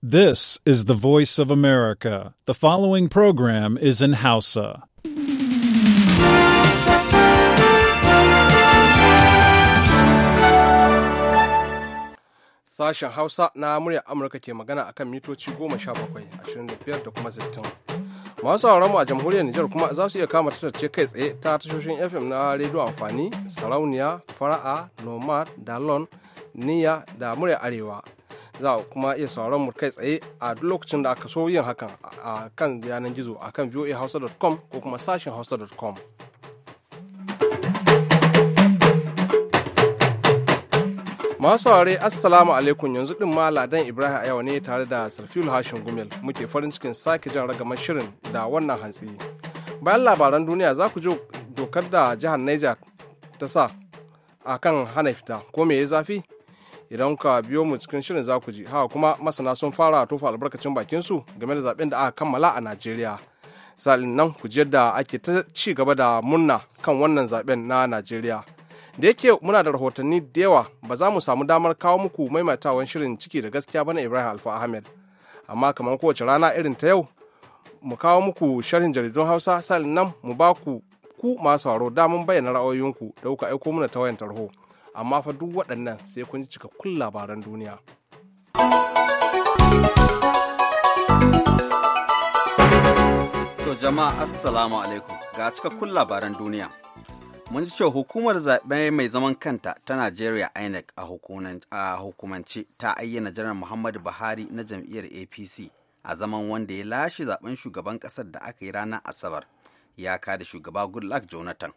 This is the voice of America. The following program is in Hausa. Sashen Hausa na muryar Amurka ke magana akan mitoci goma sha bakwai, ashirin da biyar da kuma sittin. Masu sauraron a jamhuriyar Nijar kuma za su iya kama tashar kai tsaye ta tashoshin FM na rediyo amfani, sarauniya, fara'a, nomad, dalon, niya da murya arewa. za a kuma iya sauran mu kai tsaye a duk lokacin da aka so yin hakan a kan yanar gizo a kan voahausa.com ko kuma sashen hausa.com. Masu saurare Assalamu alaikum yanzu din ma Ladan Ibrahim Ayawa ne tare da Sarfilu Hashin Gumel muke farin cikin sake jan ragama shirin da wannan hantsi. Bayan labaran duniya za ku je dokar da jihar Niger ta sa a kan hana fita ko me ya zafi? idan ka biyo mu cikin shirin za ku ji haka kuma masana sun fara tofa albarkacin bakin su game da zaben da aka kammala a Najeriya salin nan ku ji yadda ake ta ci gaba da murna kan wannan zaben na Najeriya da yake muna da rahotanni da yawa ba za mu samu damar kawo muku maimaitawan shirin ciki da gaskiya bana Ibrahim Alfa Ahmed amma kamar kowace rana irin ta yau mu kawo muku sharhin jaridun Hausa salin nan mu ba ku ku masu sauraro damun bayyana ra'ayoyinku da kuka aiko mana ta wayan tarho. amma fa duk waɗannan sai kun ji cikakkun labaran duniya. To jama'a assalamu alaikum ga cikakkun labaran duniya. Mun ji cewa hukumar zaɓe mai zaman kanta ta Najeriya INEC a hukumance ta ayyana janar Muhammadu Buhari na jam'iyyar APC a zaman wanda ya lashe zaben shugaban ƙasar da aka yi ranar Asabar ya kada shugaba Goodluck Jonathan.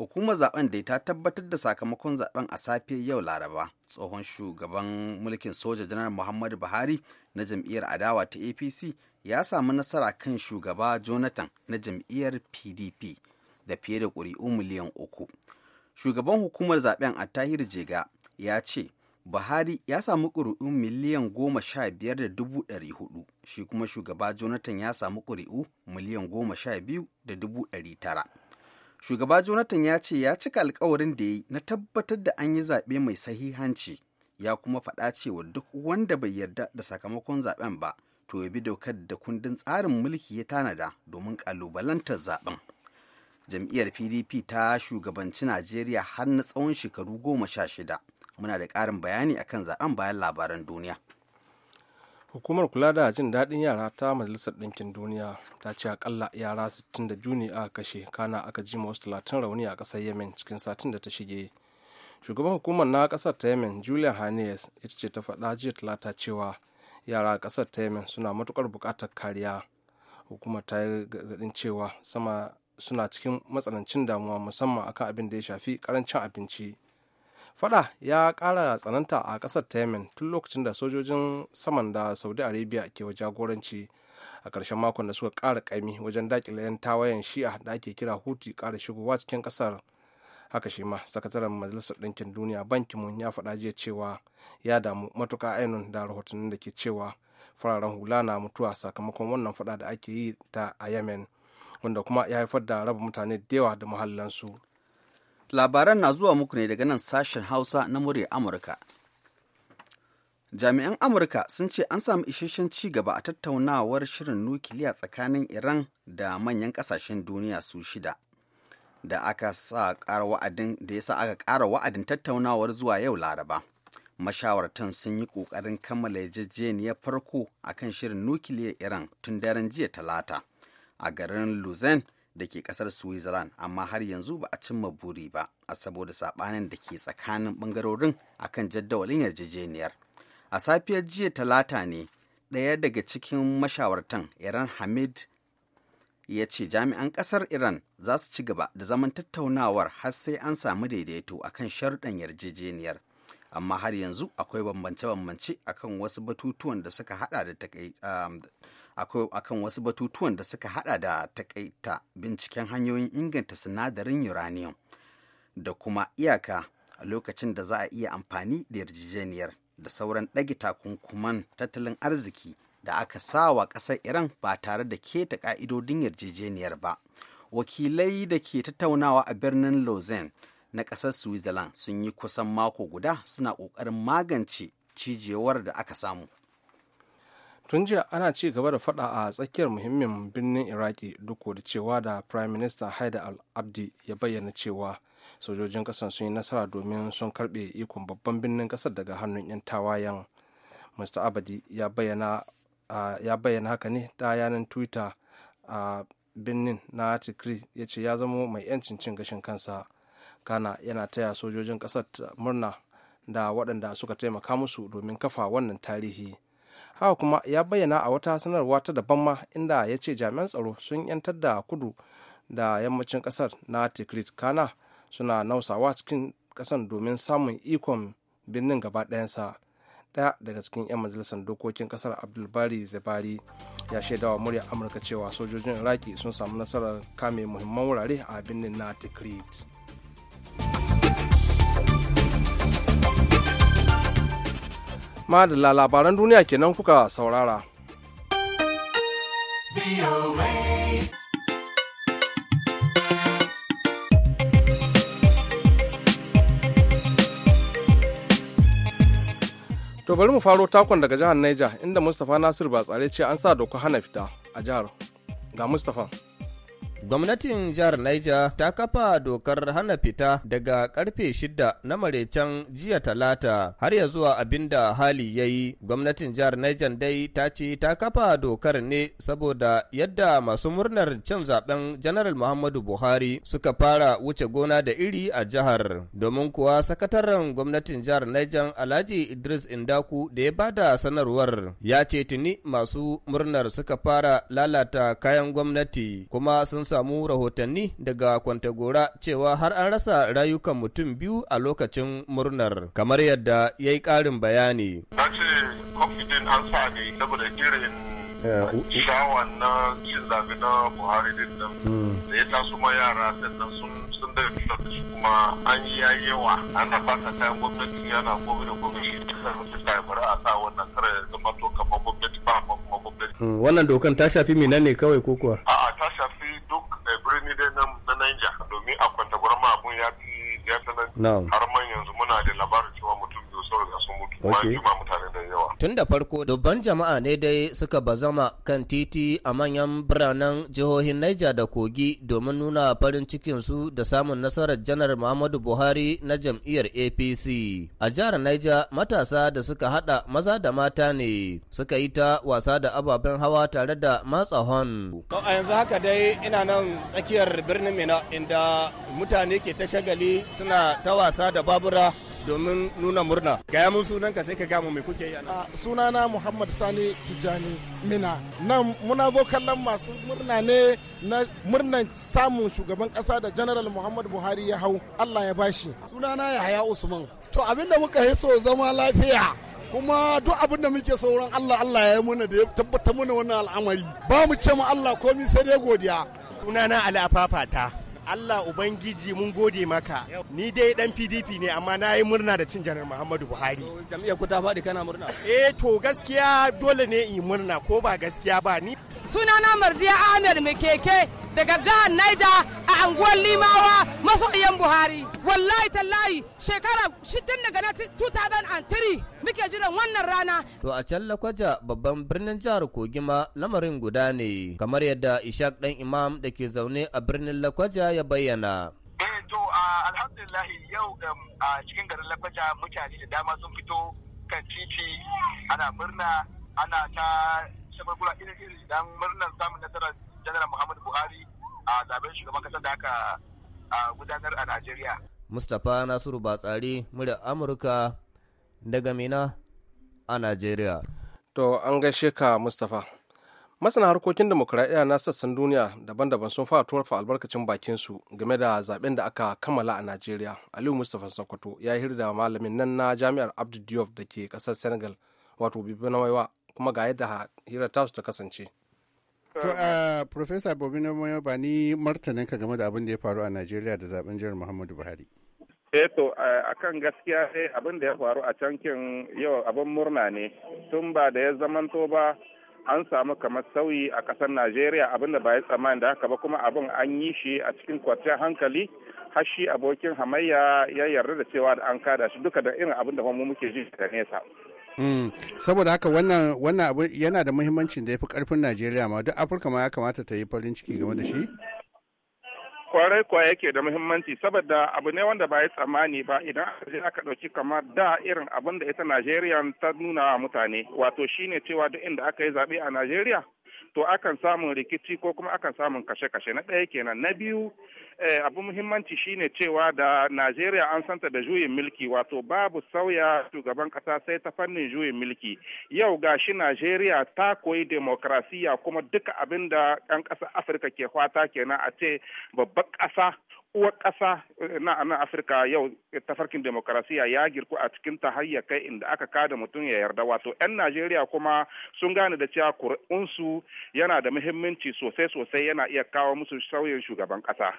hukumar zaben da ta tabbatar da sakamakon zaben a safe yau laraba tsohon shugaban mulkin soja janar muhammadu buhari na jam'iyyar adawa ta apc ya samu nasara kan shugaba jonathan na jam'iyyar pdp da fiye da ƙuri'u miliyan uku shugaban hukumar zaben a tahir jega ya ce buhari ya samu ƙuri'u miliyan goma sha biyar da dubu ɗari hudu shi kuma shugaba jonathan ya samu ƙuri'u miliyan goma sha biyu da dubu ɗari tara shugaba jonathan ya ce ya cika alkawarin da ya yi na tabbatar da an yi zaɓe mai sahihanci ya kuma faɗa cewa duk wanda bai yarda da sakamakon zaɓen ba to ya bi dokar da kundin tsarin mulki ya tanada domin ƙalubalantar zaɓen jam'iyyar pdp ta shugabanci najeriya har na tsawon shekaru goma sha shida muna da ƙarin bayani akan zaɓen bayan labaran duniya hukumar kula da jin daɗin yara ta majalisar ɗinkin duniya ta ce akalla yara 62 ne aka kashe kana aka ji wasu talatin rauni a ƙasar yemen cikin satin da ta shige shugaban hukumar na ƙasar ta yemen julia hannes ita ce ta faɗa jiya talata cewa yara a ƙasar ta yemen suna matuƙar buƙatar kariya hukumar ta yi gargaɗin cewa sama suna cikin matsanancin damuwa musamman akan abin da ya shafi ƙarancin abinci fada ya kara tsananta a kasar ta yemen tun lokacin da sojojin saman da saudi arabia ke wa jagoranci a ƙarshen makon da suka kara kaimi wajen dakile 'yan tawayen shi'a da ake kira huti kara shigowa cikin ƙasar haka shi ma sakataren majalisar ɗinkin duniya banki mun ya faɗa jiya cewa ya damu matuka ainihin da rahotannin da ke cewa fararen hula na mutuwa sakamakon wannan faɗa da ake yi ta a yemen wanda kuma ya haifar da raba mutane da yawa da muhallansu labaran na zuwa muku ne daga nan sashen hausa na murya amurka jami'an amurka sun ce an samu isasshen ci gaba a tattaunawar shirin nukiliya tsakanin iran da manyan kasashen duniya su shida da aka sa ƙara wa'adin da ya sa aka ƙara wa'adin tattaunawar zuwa yau laraba mashawartan sun yi ƙoƙarin kammala yarjejeniyar farko a kan shirin nukiliyar iran tun daren jiya talata a garin luzerne da ke kasar switzerland amma har yanzu ba a cimma buri ba a saboda sabanin da ke tsakanin bangarorin kan jaddawalin yarjejeniyar a safiyar jiya talata ne ɗaya daga cikin mashawartan iran hamid ya ce jami'an ƙasar iran za su ci gaba da zaman tattaunawar har sai an samu daidaito akan sharuɗan yarjejeniyar amma har yanzu akwai bambance-bambance akan wasu batutuwan da suka hada da Akwai akan wasu batutuwan da suka hada da takaita binciken hanyoyin inganta sinadarin uranium da kuma iyaka a lokacin da za a iya amfani da yarjejeniyar da sauran ɗage takunkuman tattalin arziki da aka sa wa ƙasar iran ba tare da keta ƙa'idodin yarjejeniyar ba wakilai da ke tattaunawa a birnin lausanne na ƙasar switzerland sun yi kusan mako guda suna ƙoƙarin magance cijewar da aka samu tun jiya ana ci gaba da fada a tsakiyar muhimmin birnin iraki duk da cewa da prime minister haida al-abdi ya bayyana cewa sojojin kasar sun yi nasara domin sun karbe ikon babban birnin kasar daga hannun 'yan tawayen mr abadi ya bayyana haka ne ta yanan twitter a birnin na tikri ya ce ya zama mai 'yancin cin gashin kansa kana yana taya sojojin kasar murna da waɗanda suka taimaka musu domin kafa wannan tarihi haka kuma ya bayyana a wata sanarwa ta daban ma inda ya ce jami'an tsaro sun yantar da kudu da yammacin kasar na tikrit kana suna nausawa cikin kasan domin samun ikon birnin gaba ɗayansa ɗaya daga cikin 'yan majalisar dokokin kasar abdulbari zabari ya shaidawa murya amurka cewa sojojin iraki sun samu nasarar kame muhimman wurare a birnin na tikrit madalla labaran duniya kenan kuka saurara To bari mu faro takon daga jihar Niger inda Mustapha Nasir tsare ce an sa doka hana fita a jihar. Ga Mustapha. Gwamnatin jihar Niger ta kafa dokar hana fita daga karfe shida na marecen jiya talata har ya zuwa abinda hali ya yi. Gwamnatin jihar Niger dai ta ce ta kafa dokar ne saboda yadda masu murnar cin zaben Janaral Muhammadu Buhari suka fara wuce gona da iri a jihar. Domin kuwa sakataren gwamnatin jihar Niger Alhaji Idris Indaku da ya bada sanarwar ya ce tuni masu murnar suka fara lalata kayan gwamnati kuma sun samu rahotanni daga Kwantagora cewa har an rasa rayukan mutum biyu a lokacin murnar, kamar yadda ya yi ƙarin bayani. Na ce, an sa ne saboda irin shawan na cin zaɓe na Buhari din nan. Hmm. Da ya taso ma yara sannan sun sun da kuma an yi yawa. Ana fasa kayan gwamnati yana gobe da gobe shi da ta sa bari a sa wannan kare zama to kamar gwamnati ba kuma gwamnati. Hmm, wannan dokan ta shafi minan ne kawai ko kuwa? A'a ta shafi birni dai na Niger domin a kwanta ma abun ya fi ya sanar har man yanzu muna da labarin cewa mutum biyu sauran sun mutu. Okay. Tun da farko dubban jama'a ne dai suka bazama kan titi a manyan biranen jihohin Naija da Kogi domin nuna farin cikinsu da samun nasarar janar Muhammadu Buhari na jam'iyyar APC. A jihar Naija matasa da suka hada maza da mata ne suka yi ta wasa da ababen hawa tare da matsa hon. A yanzu haka dai ina nan tsakiyar birnin Mina inda mutane ke ta shagali suna ta wasa da babura domin nuna murna gaya mun sunan ka sai ka gamu me kuke yi a sunana muhammad sani tijjani mina nan muna zo kallon masu murna ne na murnan samun shugaban kasa da general muhammad buhari ya hau allah ya bashi sunana ya haya usman to abinda muka yi so zama lafiya kuma duk abin da muke sauran Allah Allah ya yi mana da ya tabbata mana wannan al'amari ba mu ce ma Allah komi sai dai godiya sunana ala Allah Ubangiji mun gode maka. Ni dai dan PDP ne amma na yi murna da cin janar Muhammadu Buhari. Jam'iyyar ku ta faɗi kana murna. Eh to gaskiya dole ne in murna ko ba gaskiya ba ni. Sunana Mardiya Ahmed Mekeke daga jihar Niger a anguwar Limawa iyan Buhari. Wallahi tallahi shekara shidin daga 2003 muke jiran wannan rana. To a can Lakwaja babban birnin jihar Kogima lamarin guda ne kamar yadda Ishak dan Imam da ke zaune a birnin Lakwaja ya bayyana. Eh to alhamdulillah yau um, a cikin garin Lakwaja mutane da dama sun fito kan titi ana murna ana ta irin irin dan murnar samun nasarar janar muhammadu buhari a zaben shugaban kasar da aka gudanar a najeriya mustapha nasiru batsari murya amurka daga mina a najeriya to an gaishe ka mustapha masana harkokin demokuraɗiyya na sassan duniya daban-daban sun fara tuwarfa albarkacin bakinsu game da zaben da aka kammala a najeriya aliyu mustapha sokoto ya hirda malamin nan na jami'ar abdu diop da ke ƙasar senegal wato bibi na waiwa kuma ga yadda hirar tasu ta kasance To eh, a Profesa Bobi Moyo ba ni martanin ka game da abin da ya faru a Najeriya da zaben jihar Muhammadu Buhari. Eh to a kan gaskiya dai abin da ya faru a cankin yau abin murna ne tun ba da ya zamanto ba an samu kamar sauyi a ƙasar Najeriya abin da ba ya tsammani da haka ba kuma abin an yi shi a cikin kwanciyar hankali har abokin hamayya ya yarda da cewa da an kada shi duka da irin abin da mu muke ji da nesa. Mm. saboda haka wannan wannan abu yana da muhimmancin da ya fi karfin najeriya ma duk afirka ma ya kamata ta yi farin ciki game da shi kwarai kwa yake da muhimmanci saboda abu ne wanda ba ya tsammani ba idan aka ɗauki kamar da irin abin da ita najeriya ta nuna wa mutane wato shine cewa duk inda aka yi zaɓe a najeriya to akan samun rikici ko kuma akan samun kashe-kashe na ɗaya kenan na biyu eh, abu muhimmanci shine cewa da najeriya an santa da juyin milki wato babu sauya shugaban ƙasa sai ta fannin juyin milki yau gashi najeriya ta koyi demokrasiya kuma duka abinda da ɗan ƙasa afirka ke kwata kenan a ce babban ƙasa uwar ƙasa eh, na na afirka yau eh, ta farkin demokarasiya ya girku a cikin ta har kai inda aka kada mutum ya yarda wato 'yan najeriya kuma sun gane da cewa kuri'unsu yana da muhimmanci sosai sosai yana iya kawo musu sauyin shugaban ƙasa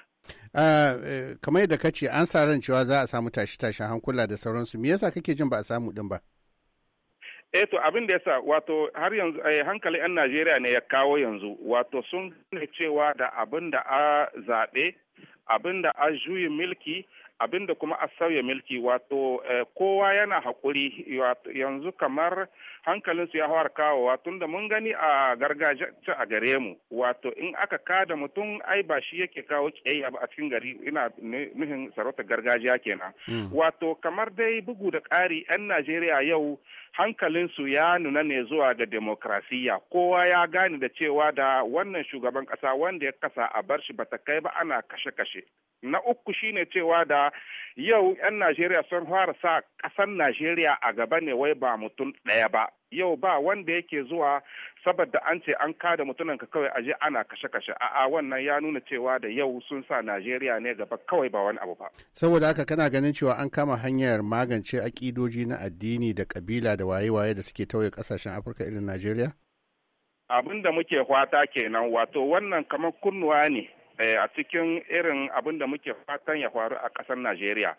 ah, eh, kamar yadda kace an sa ran cewa za a samu tashi-tashin hankula da sauransu me yasa kake jin ba a samu din ba eh to abin da yasa wato har yanzu hankali 'yan najeriya ne ya kawo yanzu wato sun cewa da abin da a zaɓe abin da a juyi milki abin da kuma a sauya milki wato eh, kowa yana haƙuri yanzu kamar hankalinsu ya hawar kawowa tunda mun gani a gargajiyar a gare mu wato in aka kada mutum ai ba shi yake kawo kiyayya ba a cikin gari ina nuhin sarauta gargajiya kenan mm. wato kamar dai bugu da ƙari 'yan najeriya yau hankalinsu ya nuna ne zuwa ga demokrasiya kowa ya gane da cewa da wannan shugaban kasa wanda ya kasa a bar shi bata kai ba ana kashe-kashe na uku shine cewa da yau 'yan najeriya sun fara sa kasan najeriya a gaba ne wai ba mutum ɗaya ba yau ba wanda yake zuwa saboda an ce an kada mutunan ka kawai aje ana kashe-kashe a'a wannan ya nuna cewa da yau sun sa Najeriya ne gaba kawai ba wani abu ba saboda haka kana ganin cewa an kama hanyar magance akidoji na addini da kabila da waye-waye da suke tauye kasashen Afirka irin Najeriya abin da muke fata kenan wato wannan kamar kunnuwa ne Eh, a cikin irin abin da muke fatan ya faru a ƙasar Najeriya.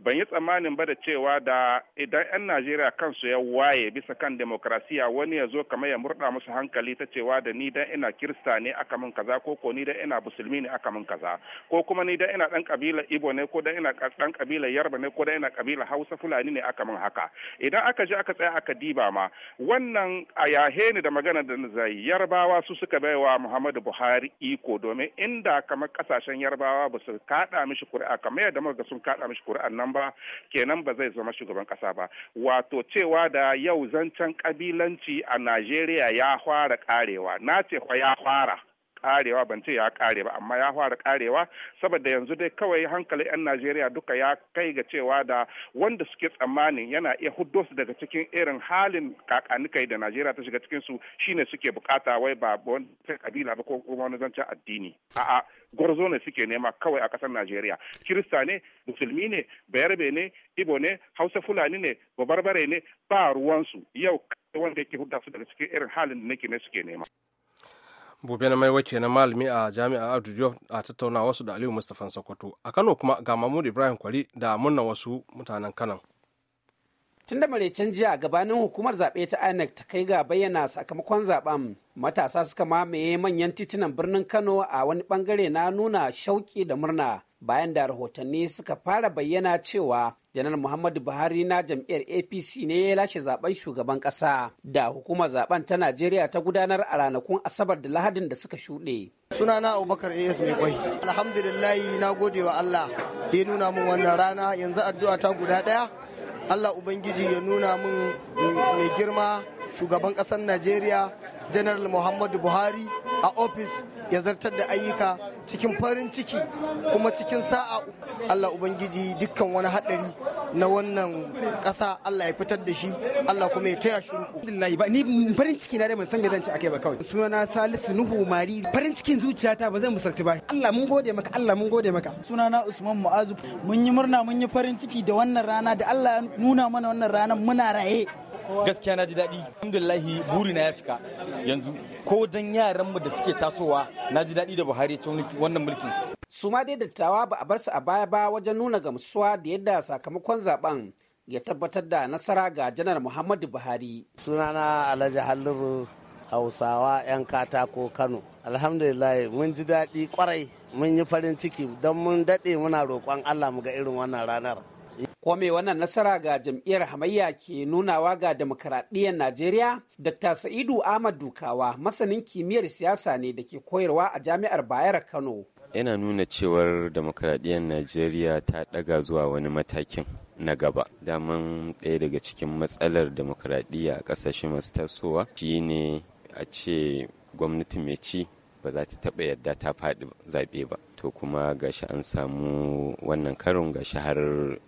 Ban yi tsammanin ba da cewa da idan 'yan Najeriya kansu ya waye bisa kan demokrasiya wani ya zo kamar ya murɗa musu hankali ta cewa da ni dan ina kirista ne aka min kaza ko ko ni dan ina musulmi ne aka min kaza ko kuma ni dan ina dan kabila Ibo ne ko dan ina dan kabila Yarba ne ko dan ina kabila Hausa Fulani ne aka min haka. Idan aka je aka tsaya aka diba ma wannan a yahe ni da magana da zai Yarbawa su suka baiwa Muhammadu Buhari iko domin inda kamar kasashen yarbawa ba su kaɗa mishi kuri'a kamar yadda muka sun kaɗa mishi kuri'an nan ba kenan ba zai zama shugaban ƙasa ba wato cewa da yau zancen kabilanci a najeriya ya fara ƙarewa na ce ya fara karewa ban ce ya kare ba amma ya fara karewa saboda yanzu dai kawai hankalin 'yan najeriya duka ya kai ga cewa da wanda suke tsammanin yana iya huddo su daga cikin irin halin kakanikai da najeriya ta shiga cikin su shine suke bukata wai ba wani kabila ba ko kuma wani zancen addini a'a gwarzo ne suke nema kawai a kasar najeriya kirista ne musulmi ne bayarbe ne ibo ne hausa fulani ne babarbare ne ba ruwansu yau wanda yake hudda su daga cikin irin halin da nake ne suke nema Bobe na maiwa kenan malami a jami'a Abdu Diop a tattauna wasu da Aliyu Mustapha Sokoto. A Kano kuma ga Mahmud Ibrahim Kwari da murna wasu mutanen Kano. Tun da maraicen jiya gabanin hukumar zaɓe ta INEC ta kai ga bayyana sakamakon zaben matasa suka mamaye manyan titunan birnin Kano a wani bangare na nuna shauki da murna bayan da rahotanni suka fara bayyana cewa janar muhammadu buhari na jam'iyyar apc ne ya lashe zaben shugaban kasa da hukumar zaben ta najeriya ta gudanar a ranakun asabar da lahadin da suka shuɗe sunana abubakar as mai kwai alhamdulillah na gode wa allah ya nuna min wannan rana yanzu addu'a ta guda ɗaya allah ubangiji ya nuna min mai girma shugaban ƙasar najeriya janar muhammadu buhari a ofis ya zartar da ayyuka cikin farin ciki kuma cikin sa'a Allah Ubangiji dukkan wani haɗari na wannan ƙasa Allah ya fitar da shi Allah kuma ya taya shi ruku. ba ni farin ciki na da ban san me zan ci akai ba kawai. Sunana Salisu Nuhu Mari farin cikin zuciyata ba zan musalti ba. Allah mun gode maka Allah mun gode maka. Sunana Usman Mu'azu mun yi murna mun yi farin ciki da wannan rana da Allah ya nuna mana wannan rana muna raye. gaskiya na ji daɗi alhamdulillahi na ya cika yanzu ko dan yaranmu da suke tasowa na ji daɗi da buhari ya wannan mulkin su ma dai dattawa ba a bar su a baya ba wajen nuna gamsuwa da yadda sakamakon zaben ya tabbatar da nasara ga janar muhammadu buhari sunana alhaji halliru hausawa 'yan katako kano alhamdulillah mun ji daɗi kwarai mun yi farin ciki don mun daɗe muna roƙon allah mu ga irin wannan ranar mai wannan nasara ga jam'iyyar hamayya ke nunawa ga demokaradiyyar Najeriya, Dr. Sa'idu Ahmad Dukawa masanin kimiyyar siyasa ne da ke koyarwa a Jami'ar Bayar Kano. Yana nuna cewar demokaradiyyar Najeriya ta ɗaga zuwa wani matakin na gaba. Daman ɗaya daga cikin matsalar demokaradiyya a ƙasashe masu tasowa Shi ne a ce gwamnati mai ci ba za ta taɓa yadda ta faɗi zaɓe ba to kuma gashi an samu wannan karin gashi har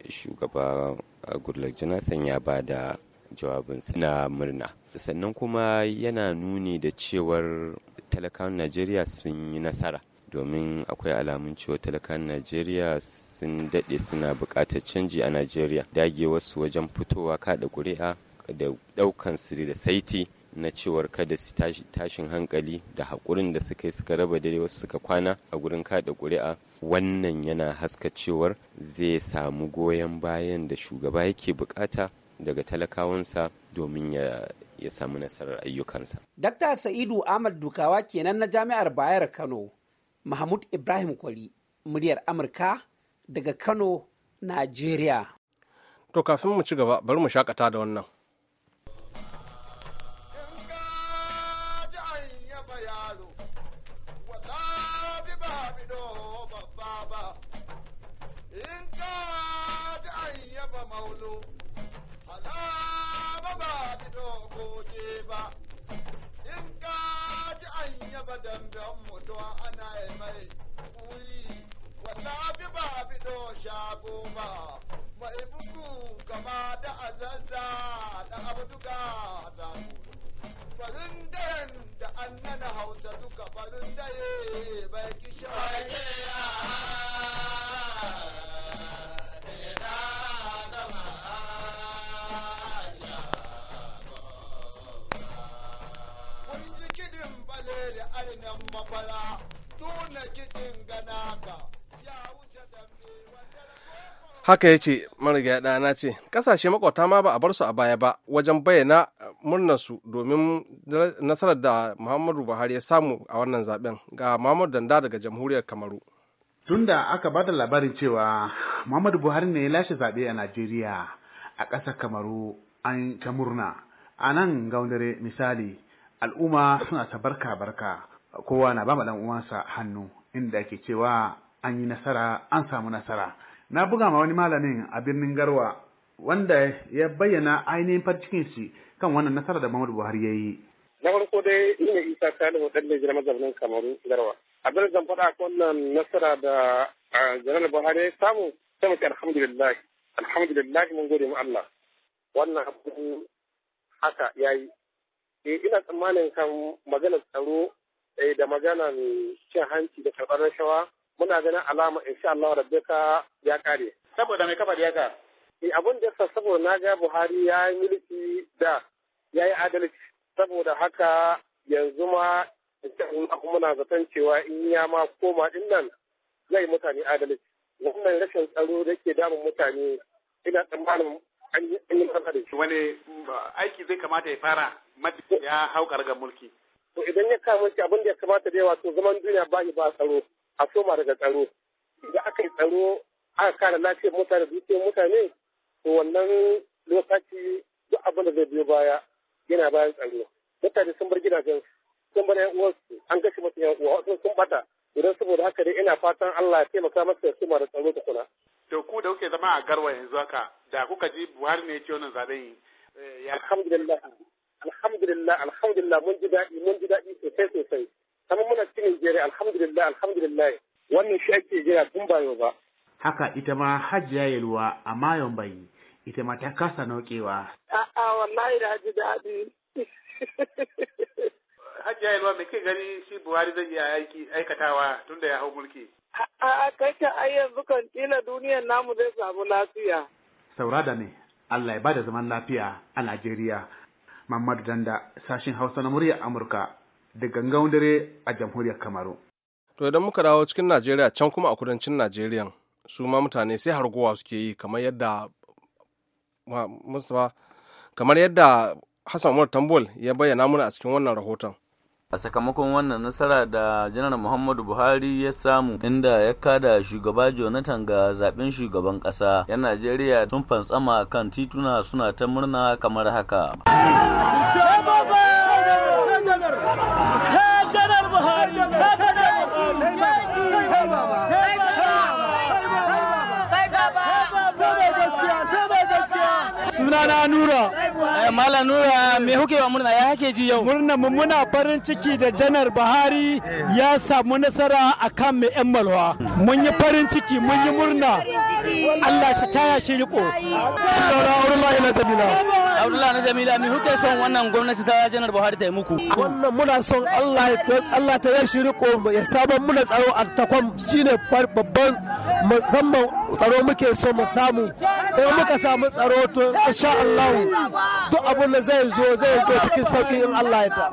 shugaba goodluck jonathan ya ba da jawabinsa na murna sannan kuma yana nuni da cewar talakan najeriya sun yi nasara domin akwai alamun cewa talakan najeriya sun daɗe suna buƙatar canji a najeriya dage wasu wajen fitowa kaɗa ƙuri'a da ɗaukan siri da saiti na cewar kada su tashin hankali da haƙurin da suka yi suka raba dare wasu suka kwana a gurin kada ƙuri'a wannan yana haska cewar zai samu goyon bayan da shugaba yake bukata daga talakawansa domin ya ya samu nasarar ayyukansa. Dakta Sa'idu Ahmad Dukawa kenan na Jami'ar Bayar Kano, Mahmud Ibrahim Kwari, muryar Amurka daga Kano, Najeriya. To kafin mu ci gaba, bari mu shakata da wannan. fitowa ana yi mai wata wallahi ba bido shago ba mai bugu kama da azaza da abu duka da farin daren da annana hausa duka farin dare bai kisha haka yake ɗaya na ce ƙasashe makwabta ma ba a bar su a baya ba wajen bayyana murnar su domin nasarar da muhammadu buhari ya samu a wannan zaben ga muhammadu danda daga jamhuriyar kamaru tunda aka bada labarin cewa muhammadu buhari ne ya lashe zaɓe a najeriya a ƙasar kamaru an ta murna a nan gaunare misali al'umma suna ta barka barka kowa na ba ma uwansa hannu inda ke cewa an yi nasara an samu nasara na buga ma wani malamin a birnin garwa wanda ya bayyana ainihin farcikin shi kan wannan nasara da Muhammadu Buhari ya yi. Na farko dai ina isa salihu ɗan Nijar mazaunin Kamaru garwa. Abin zan faɗa wannan nasara da janar Buhari ya samu sai mace alhamdulillah. Alhamdulillah mun gode mu Allah. Wannan abu haka ya yi. Eh, ina tsammanin kan maganar tsaro eh, da maganar cin hanci da karɓar rashawa muna ganin alama insha Allah ka ya kare saboda mai kafa yaka eh abun da yasa e, saboda na ga Buhari ya yi mulki da ya yi adalci saboda haka yanzu ma muna zaton cewa in ya ma koma din nan zai mutane adalci wannan rashin tsaro da ke damun mutane ina tsammanin an yi masa da shi wani mm, aiki zai kamata ya fara ya hau kargar mulki to idan ya kama shi abin da ya kamata da yawa to zaman duniya ba ba tsaro a soma daga tsaro idan aka yi tsaro aka kare lafiyar mutane dukiyar mutane to wannan lokaci duk abin da zai biyo baya yana bayan tsaro mutane sun bar gidajen sun bar yan uwansu an gashi musu yan uwa wasu sun bata idan saboda haka dai ina fatan Allah ya taimaka masa ya soma da tsaro da kula. to ku da kuke zama a garwa yanzu haka da kuka ji Buhari ne ya ce wannan zaben eh, alhamdulillah alhamdulillah alhamdulillah mun ji daɗi mun ji daɗi sosai sosai kamar muna cikin Nigeria alhamdulillah alhamdulillah wannan shi ake jira tun ba yau ba haka ita ma Hajiya yalwa a Mayon Bayi ita ma ta kasa naukewa a'a wallahi da Haji da Abi Hajiya Yelwa me ke gani shi Buhari zai iya aiki aikatawa tun da ya hau mulki a'a kai ta ai yanzu kan kila duniyar namu zai samu lafiya saura da ne Allah ya bada zaman lafiya a Najeriya Mamadu Danda sashin Hausa na murya Amurka da gangan dare a jamhuriyar kamaru to idan muka dawo cikin najeriya can kuma a kudancin najeriya su ma mutane sai hargowa suke yi kamar yadda kamar yadda hassan umar tambol ya bayyana mana a cikin wannan rahoton a sakamakon wannan nasara da janar muhammadu buhari ya samu inda ya kada shugaba jonathan ga zaben shugaban kasa yan najeriya sun fantsama kan tituna suna ta murna kamar haka sunana nura eh, mala nura me kuke wa murna ya kake ji yau murna mu muna farin ciki da janar buhari ya samu nasara akan mai yan malwa mun yi farin ciki mun yi murna Allah shi taya shi riko sunana Abdullahi na Jamila Abdullahi na Jamila mi huke son wannan gwamnati ta janar Buhari ta yi muku wannan muna son Allah Allah ta yi shi riko ya saban muna tsaro a takwam shine babban musamman tsaro muke so mu samu idan muka samu tsaro to insha Allah duk abin da zai zo zai zo cikin sauki in Allah ya ta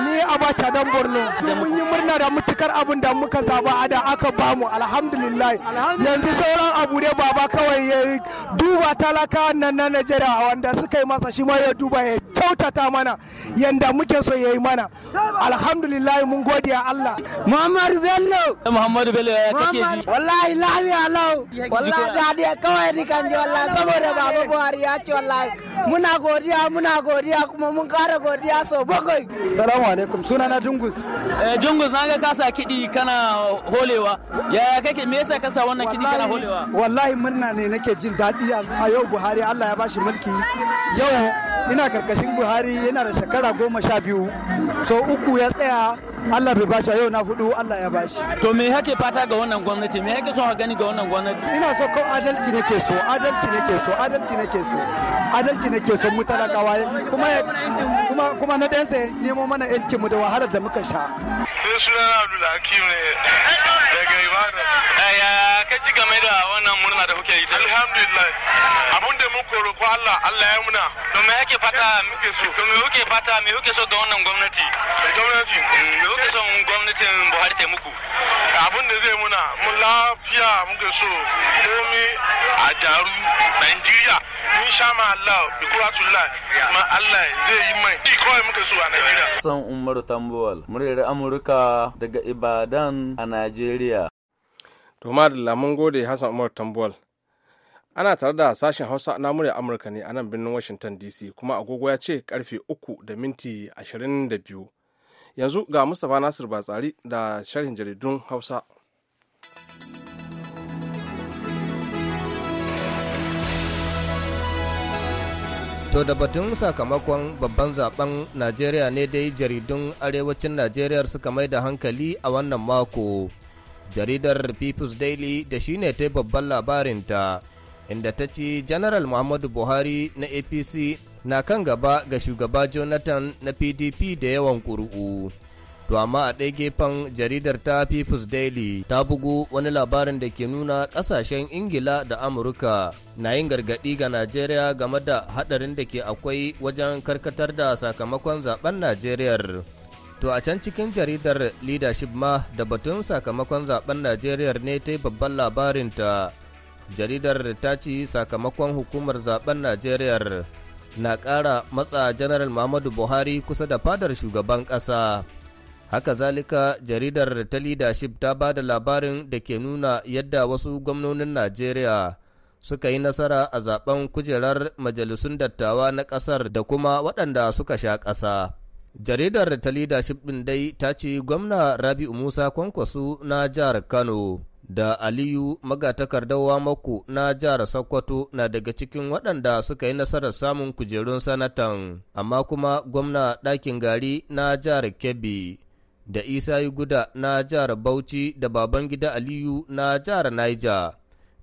ni abacha dan borno to mun yi murna da mutukar abin da muka zaba a da aka bamu alhamdulillah yanzu sauran abu dai baba kawai ya duba talaka nan na najeriya wanda suka yi masa shi ma ya duba ya kyautata mana yadda muke so yi mana alhamdulillah mun gode Allah Muhammadu Bello Muhammadu Bello ya kake ji wallahi lafiya lau wallahi dadi kawai ni kan ji wallahi saboda baba Buhari ya ce wallahi muna godiya muna godiya kuma mun kara godiya so bakwai assalamu alaikum sunana Jungus eh Jungus naga ga kasa kidi kana holewa yaya kake me yasa kasa wannan kidi kana holewa wallahi murna ne nake jin dadi a yau Buhari Allah ya bashi mulki yau ina karkashin buhari yana da shekara goma sha biyu so uku ya tsaya allah bai bashi yau na hudu allah ya bashi to me hake fata ga wannan gwamnati me hake so ka gani ga wannan gwamnati ina so ko adalci nake so adalci nake so adalci nake so adalci nake so mu talakawa kuma kuma na dan sai nemo mana yancin mu da wahalar da muka sha sai suna na abdul hakim ne daga ibadan ya ka ji game da wannan murna da kuke yi ta alhamdulillah abun da mun koro ko Allah Allah ya muna to me yake fata muke so to me kuke fata me kuke so ga wannan gwamnati gwamnati mm, me kuke so gwamnatin Buhari ta muku abun da zai muna mun lafiya muke so komi a jaru Najeriya insha sha Allah bi kuratullah ma Allah zai yi mai di kawai muka so a Najeriya san Umar Tambuwal Amurka daga Ibadan a Najeriya to madalla mun gode Hassan Umar Tambuwal ana tare da sashen Hausa na murya Amurka ne a nan birnin Washington DC kuma agogo ya ce karfe 3 da minti 22 yanzu ga Mustapha Nasir Batsari da sharhin jaridun Hausa. To da batun sakamakon babban zaben Najeriya ne dai jaridun arewacin Najeriya suka mai da hankali a wannan mako. Jaridar People's Daily da shi ne ta babban labarinta, inda ta ci General Muhammadu Buhari na APC na kan gaba ga shugaba Jonathan na PDP da yawan ƙuri'u. To amma a ɗaya gefen jaridar ta People's Daily ta bugu wani labarin da ke nuna ƙasashen Ingila da Amurka na yin gargaɗi ga Najeriya game da haɗarin da ke akwai wajen karkatar da sakamakon zaben Najeriya. To a can cikin jaridar leadership ma da batun sakamakon zaben Najeriya ne ta yi babban labarinta. Jaridar ta ci sakamakon hukumar zaben Najeriya na ƙara matsa Janaral Muhammadu Buhari kusa da fadar shugaban ƙasa. Haka zalika jaridar ta leadership ta ba da labarin da ke nuna yadda wasu gwamnonin Najeriya suka yi nasara a zaben kujerar majalisun dattawa na kasar da kuma waɗanda suka sha ƙasa. Jaridar ta leadership ɗin dai ta ce gwamna Rabi'u Musa Kwankwaso na jihar Kano da Aliyu magatakardawa mako na jihar Sokoto na daga cikin waɗanda suka yi nasarar samun kujerun sanatan, amma kuma gwamna ɗakin gari na jihar Kebbi da Isa Guda na jihar Bauchi da Babangida Aliyu na jihar Niger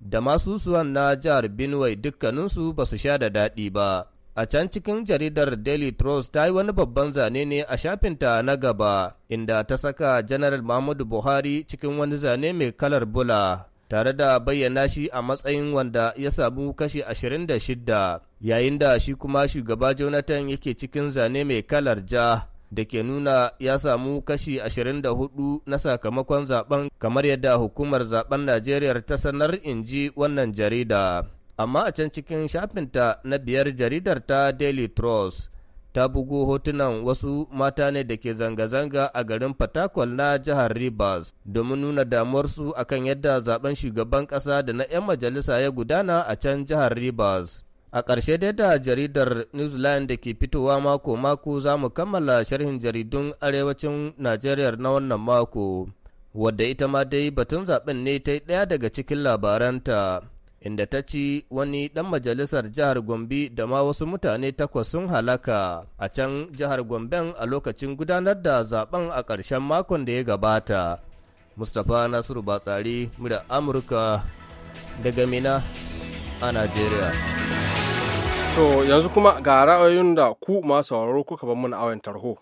da masu suwan na jihar Benue dukkaninsu ba su sha da daɗi ba. A can cikin jaridar Daily Trust ta yi wani babban zane ne a shafinta na gaba, inda ta saka Janaral Muhammadu Buhari cikin wani zane mai kalar bula, tare da bayyana shi a matsayin wanda ya samu kashi 26, yayin da shi kuma shugaba Jonathan yake cikin zane mai kalar ja. da ke nuna ya samu kashi 24 na sakamakon zaben kamar yadda hukumar zaben Najeriya ta sanar in ji wannan jarida. Amma a can cikin shafinta na biyar jaridar ta Daily Trust ta bugu hotunan wasu mata ne da ke zanga-zanga a garin Fatakwal na jihar Rivers domin nuna damuwar su akan yadda zaben shugaban ƙasa da na 'yan majalisa ya gudana a can jihar Rivers. A ƙarshe dai da jaridar New Zealand da ke fitowa mako-mako za mu kammala sharhin jaridun arewacin Najeriya na wannan mako, wadda ita ma dai batun zaɓen ne ta yi ɗaya daga cikin labaranta, inda ta ci wani ɗan majalisar jihar Gombe da ma wasu mutane takwas sun halaka a can jihar Gomben a lokacin gudanar da zaɓen a ƙarshen makon da ya gabata. Mustapha Nasiru Batsari, Amurka, daga Mina a Najeriya. To yanzu kuma ga ra'ayoyin da ku masu sauraro kuka bar mana awon tarho.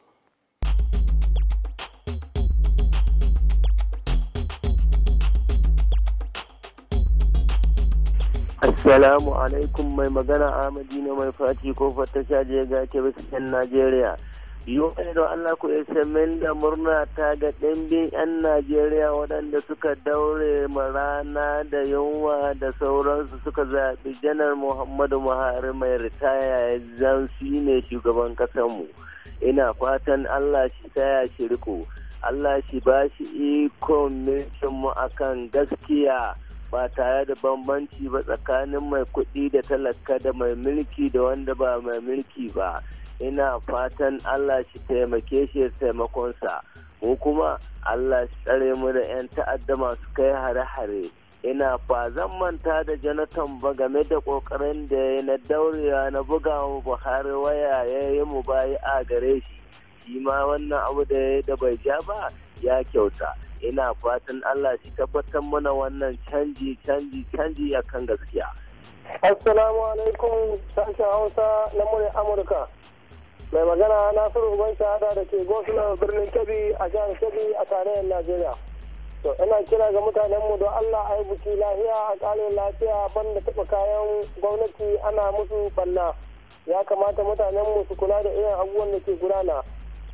Assalamu alaikum mai magana Ahmadu na mai Fati ko fata shaje ga ke bisa Najeriya. yiwuwa eh, da Allah ku min da murna ta ga ɗimbin 'yan Najeriya waɗanda suka daure marana da yunwa da sauransu suka zaɓi janar Muhammadu Buhari mai ritaya ya zan shi ne shugaban ƙasarmu. Ina fatan Allah shi taya shi riko, Allah shi ba shi ikon mulkinmu akan gaskiya. ba tare da bambanci ba tsakanin mai kuɗi da talaka da mai mulki da wanda ba mai mulki ba ina fatan allah shi taimake shi taimakonsa ko kuma allah shi tsare mu da 'yan ta'adda masu kai hare-hare ina ba zan manta da jonathan ba game da kokarin da ya na daurewa na buga mu buhari waya ya yi mu bayi a gare shi shi ma wannan abu da ya da bai ja ba ya kyauta ina fatan Allah shi tabbatar mana wannan canji canji canji a kan gaskiya. Assalamu alaikum sashen Hausa na murya Amurka. Mai magana Nasiru ban Shahada da ke Gosula birnin Kebbi a jihar Kebbi a tarayyar Najeriya. To ina kira ga mutanen mu don Allah a buki lafiya a ƙare lafiya banda taɓa kayan gwamnati ana musu banna Ya kamata mutanenmu su kula da irin abubuwan da ke gudana.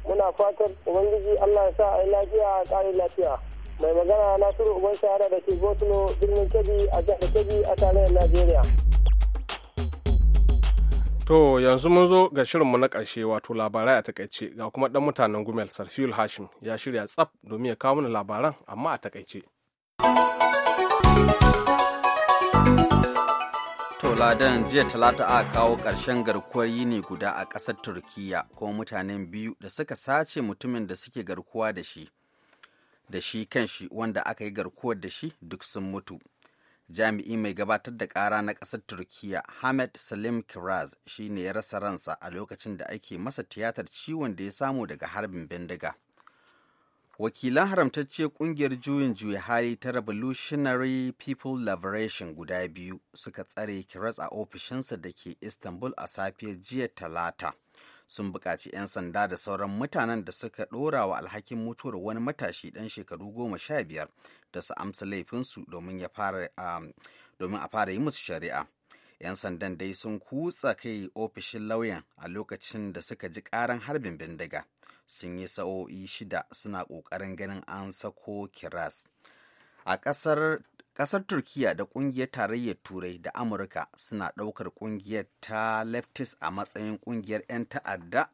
muna fatan ubangiji allah ya sa a yi lafiya a ƙari lafiya mai magana na nasiru uban shahara da ke Botulo birnin kebbi a jihar kebbi a tarayyar najeriya to yanzu mun zo ga shirinmu na ƙarshe wato labarai a takaice ga kuma ɗan mutanen gumel sarfiul hashim ya shirya tsaf domin ya kawo mana labaran amma a takaice ladan jiya talata a kawo ƙarshen garkuwar yini guda a ƙasar turkiya kuma mutanen biyu da suka sace mutumin da suke garkuwa da shi da shi kan shi wanda aka yi garkuwar da shi duk sun mutu jami'i mai gabatar da ƙara na ƙasar turkiya hamed salim kiraz shi ne ya rasa ransa a lokacin da ake masa tiyatar ciwon da ya samu daga harbin bindiga wakilan haramtacce kungiyar juyin juya hali ta revolutionary people liberation guda biyu suka tsare kiras a ofishinsa da ke istanbul a safiyar jiya talata sun buƙaci 'yan sanda da sauran mutanen da suka ɗora wa alhakin mutuwar wani matashi ɗan shekaru goma sha biyar da su amsa laifinsu domin um, a fara yi musu shari'a 'yan sandan dai sun kutsa kai ofishin lauyan a lokacin da suka ji ƙaran harbin bindiga sun yi sa'o'i shida suna ƙoƙarin ganin an sako kiras a ƙasar ƙasar turkiya da ƙungiyar tarayyar turai da amurka suna ɗaukar ƙungiyar ta leftis a matsayin ƙungiyar 'yan ta'adda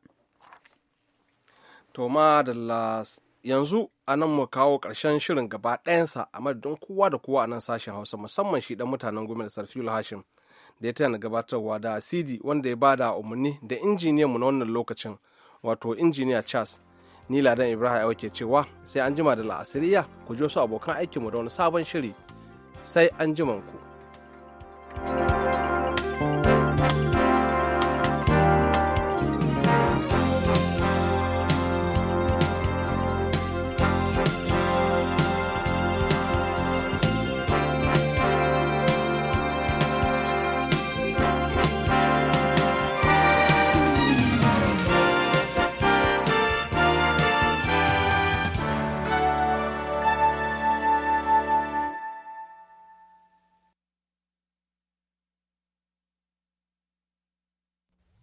to madalla yanzu a nan mu kawo ƙarshen shirin gaba ɗayansa a madadin kowa da kowa a nan sashen hausa musamman shi ɗan mutanen gwamnati sarfilu hashim da ya tana gabatarwa da cd wanda ya bada umarni da injiniyanmu na wannan lokacin wato injiniya charles ni ladan ibrahim awa cewa sai an jima da la'asiriya ku ji wasu abokan aikinmu da wani sabon shiri sai an jima ku. thank you